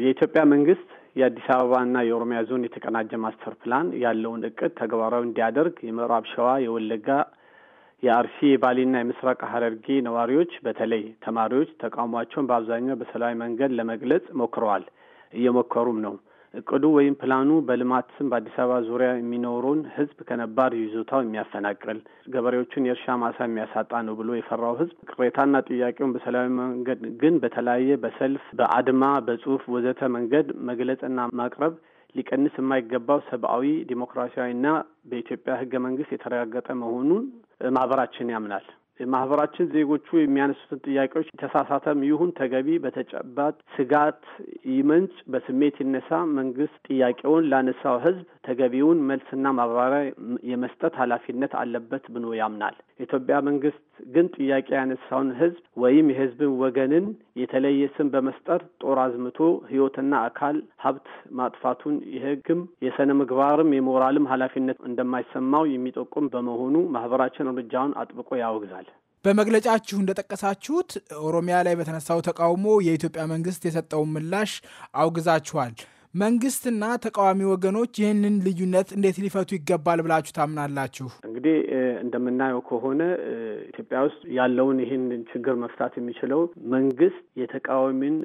የኢትዮጵያ መንግስት የአዲስ አበባና የኦሮሚያ ዞን የተቀናጀ ማስተር ፕላን ያለውን እቅድ ተግባራዊ እንዲያደርግ የምዕራብ ሸዋ፣ የወለጋ፣ የአርሲ፣ የባሌና የምስራቅ ሀረርጌ ነዋሪዎች በተለይ ተማሪዎች ተቃውሟቸውን በአብዛኛው በሰላማዊ መንገድ ለመግለጽ ሞክረዋል፣ እየሞከሩም ነው። እቅዱ ወይም ፕላኑ በልማት ስም በአዲስ አበባ ዙሪያ የሚኖረውን ህዝብ ከነባር ይዞታው የሚያፈናቅል ገበሬዎቹን የእርሻ ማሳ የሚያሳጣ ነው ብሎ የፈራው ህዝብ ቅሬታና ጥያቄውን በሰላማዊ መንገድ ግን በተለያየ በሰልፍ፣ በአድማ፣ በጽሁፍ ወዘተ መንገድ መግለጽና ማቅረብ ሊቀንስ የማይገባው ሰብአዊ ዲሞክራሲያዊና በኢትዮጵያ ህገ መንግስት የተረጋገጠ መሆኑን ማህበራችን ያምናል። የማህበራችን ዜጎቹ የሚያነሱትን ጥያቄዎች ተሳሳተም ይሁን ተገቢ በተጨባጭ ስጋት ይመንጭ፣ በስሜት ይነሳ መንግስት ጥያቄውን ላነሳው ህዝብ ተገቢውን መልስና ማብራሪያ የመስጠት ኃላፊነት አለበት ብኖ ያምናል። የኢትዮጵያ መንግስት ግን ጥያቄ ያነሳውን ህዝብ ወይም የህዝብን ወገንን የተለየ ስም በመስጠት ጦር አዝምቶ ህይወትና አካል ሀብት ማጥፋቱን የህግም የስነ ምግባርም የሞራልም ኃላፊነት እንደማይሰማው የሚጠቁም በመሆኑ ማህበራችን እርምጃውን አጥብቆ ያወግዛል። በመግለጫችሁ እንደጠቀሳችሁት ኦሮሚያ ላይ በተነሳው ተቃውሞ የኢትዮጵያ መንግስት የሰጠውን ምላሽ አውግዛችኋል። መንግስትና ተቃዋሚ ወገኖች ይህንን ልዩነት እንዴት ሊፈቱ ይገባል ብላችሁ ታምናላችሁ? እንግዲህ እንደምናየው ከሆነ ኢትዮጵያ ውስጥ ያለውን ይህን ችግር መፍታት የሚችለው መንግስት የተቃዋሚን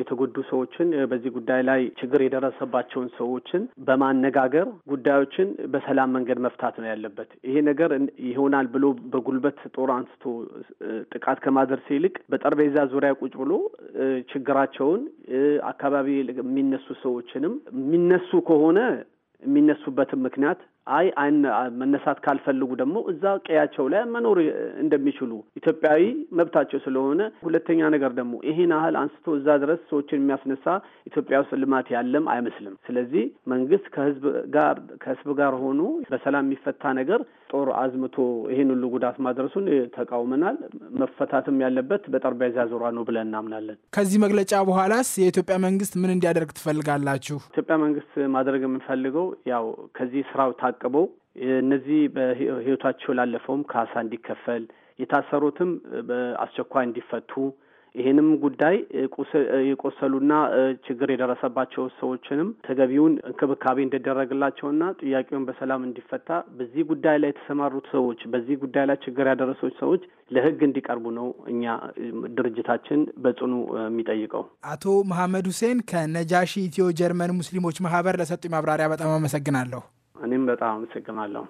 የተጎዱ ሰዎችን በዚህ ጉዳይ ላይ ችግር የደረሰባቸውን ሰዎችን በማነጋገር ጉዳዮችን በሰላም መንገድ መፍታት ነው ያለበት። ይሄ ነገር ይሆናል ብሎ በጉልበት ጦር አንስቶ ጥቃት ከማድረስ ይልቅ በጠረጴዛ ዙሪያ ቁጭ ብሎ ችግራቸውን አካባቢ የሚነሱ ሰዎችንም የሚነሱ ከሆነ የሚነሱበትን ምክንያት አይ መነሳት ካልፈልጉ ደግሞ እዛ ቀያቸው ላይ መኖር እንደሚችሉ ኢትዮጵያዊ መብታቸው ስለሆነ፣ ሁለተኛ ነገር ደግሞ ይሄን ያህል አንስቶ እዛ ድረስ ሰዎችን የሚያስነሳ ኢትዮጵያ ውስጥ ልማት ያለም አይመስልም። ስለዚህ መንግስት ከህዝብ ጋር ከህዝብ ጋር ሆኖ በሰላም የሚፈታ ነገር ጦር አዝምቶ ይሄን ሁሉ ጉዳት ማድረሱን ተቃውመናል። መፈታትም ያለበት በጠረጴዛ ዙሪያ ነው ብለን እናምናለን። ከዚህ መግለጫ በኋላስ የኢትዮጵያ መንግስት ምን እንዲያደርግ ትፈልጋላችሁ? ኢትዮጵያ መንግስት ማድረግ የምንፈልገው ያው ከዚህ ስራው ታ ታቅበው እነዚህ በህይወታቸው ላለፈውም ካሳ እንዲከፈል የታሰሩትም በአስቸኳይ እንዲፈቱ ይሄንም ጉዳይ የቆሰሉና ችግር የደረሰባቸው ሰዎችንም ተገቢውን እንክብካቤ እንደደረግላቸውና ጥያቄውን በሰላም እንዲፈታ በዚህ ጉዳይ ላይ የተሰማሩት ሰዎች በዚህ ጉዳይ ላይ ችግር ያደረሱት ሰዎች ለህግ እንዲቀርቡ ነው እኛ ድርጅታችን በጽኑ የሚጠይቀው። አቶ መሐመድ ሁሴን ከነጃሺ ኢትዮ ጀርመን ሙስሊሞች ማህበር ለሰጡኝ ማብራሪያ በጣም አመሰግናለሁ። እኔም በጣም አመሰግናለሁ።